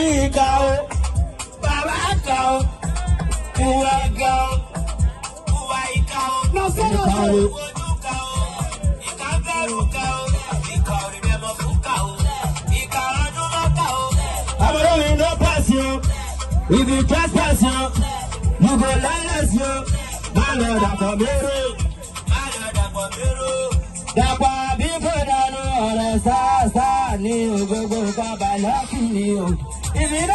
èmi ga o bàbá ga o ìwà ga o ìwà ìka o ìka o ìka o ìka bẹ̀rù ga o ìka ò rí mẹ́mọ́ fún ka o ìka ọdún má ka o. àbúrò mi no pass you if you just pass you you go lawless you má lọ dàpọ̀ mérò má lọ dàpọ̀ mérò dàpọ̀ àbí kò dànù ọ̀rọ̀ sáà sáà ní ògógó bàbá lọ́kì ni Baba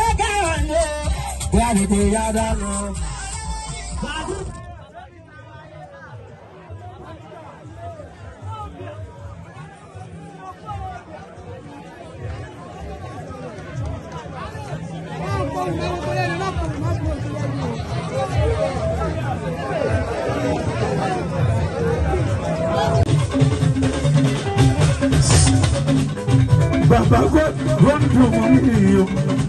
God, run through me, you.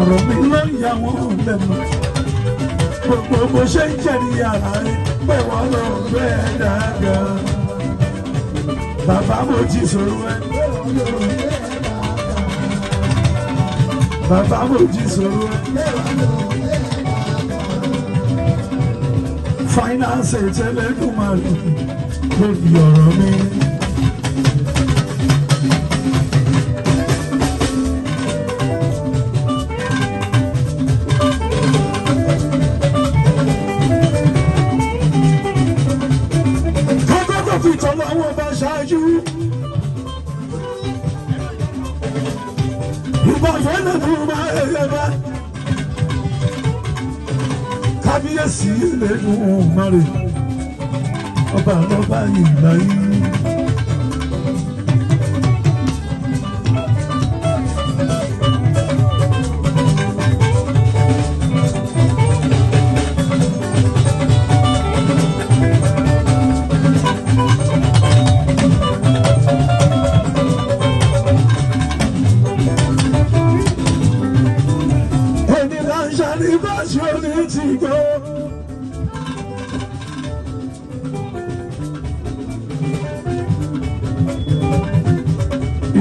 ọ̀rọ̀ mi ló ń yà wọ́n lẹ́nu gbogbo bó ṣe ń jẹ́ níyà rẹ̀ pé wọ́n lọ bẹ́ ẹ dáadáa bàbá mo ti sọ̀rọ̀ ẹ bàbá mo ti sọ̀rọ̀ ẹ. finance ìtẹ́lẹ́dùnmáà ló fi ọ̀rọ̀ mi. fi tọ́lọ́ àwọn ọba ṣáájú. ìbọ̀fẹ́ náà ló máa ẹyẹ bá. kábíyèsí lẹ́nu mọ́rẹ̀ ọba lọ́ba ìgbà yìí.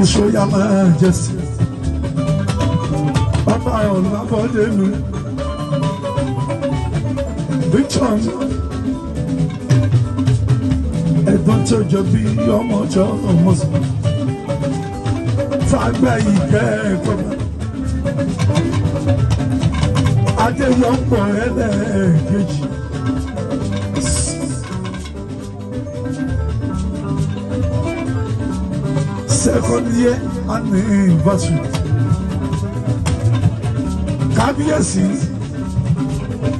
You show your majesty. Papa Ọlábọ̀dé mi. Victor ẹ̀gbọ́n tí ó jọ bí ọmọ ọjọ́ ọmọ sọ. Fàgbà ìgbẹ́ ẹ̀kọ́. Adéyọ̀pọ̀ ẹlẹ́ẹ̀kejì. second year anniversary kábíyèsí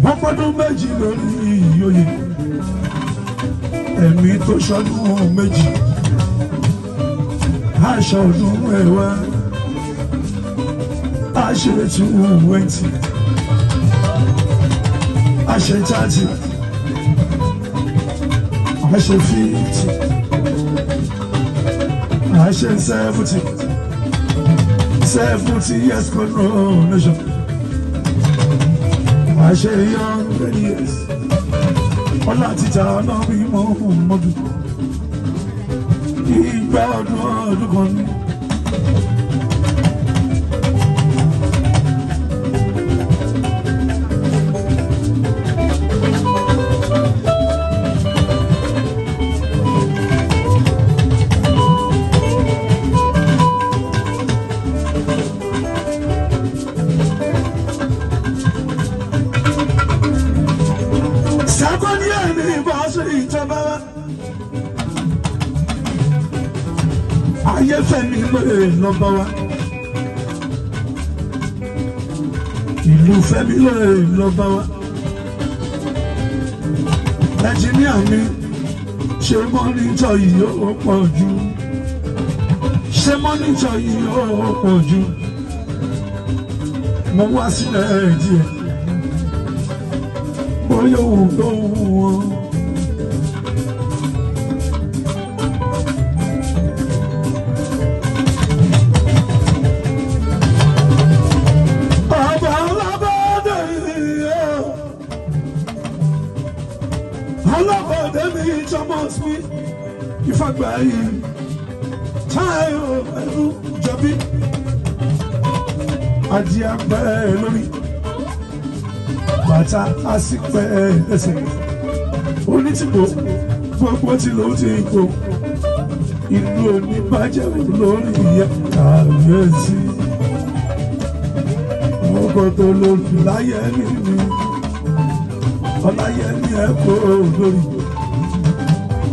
wọ́n pọ́dún méjì lórí ìyóyè ẹ̀mí tó ṣọdún méjì aṣọ ọdún ẹ̀wá aṣèrè tí wọ́n wẹ́ntì aṣèjáde aṣèfìtì. Say seventy, seventy years coronation. Ashen young years. Ọlá títa náà bí mo mọdún. Ìgbà ọdún ọdún kan ní. ayéfẹ́mi gbèrè eh, nọ́mbà wa ìlú fẹ́mi gbèrè eh, nọ́mbà wa ẹnjìníà mi ṣe mọ́nítọ̀ yìí ó pọ̀ jù ṣe mọ́nítọ̀ yìí ó pọ̀ jù mo wá sílẹ̀ ẹ̀ bóyá òun ló wù wọ́n. àgbà yìí táyọ̀ ẹ̀rú jọbí àjí apẹ́ lórí bàtà a sì pẹ́ ẹsẹ̀ onítìpó gbogbo tí lòún ti ń kó ìlú oníbàjẹ́ lórí ìyá kàbíyèsí ọkọ̀ tó lòdì láyé nìyí ọláyé ni ẹ kó lórí.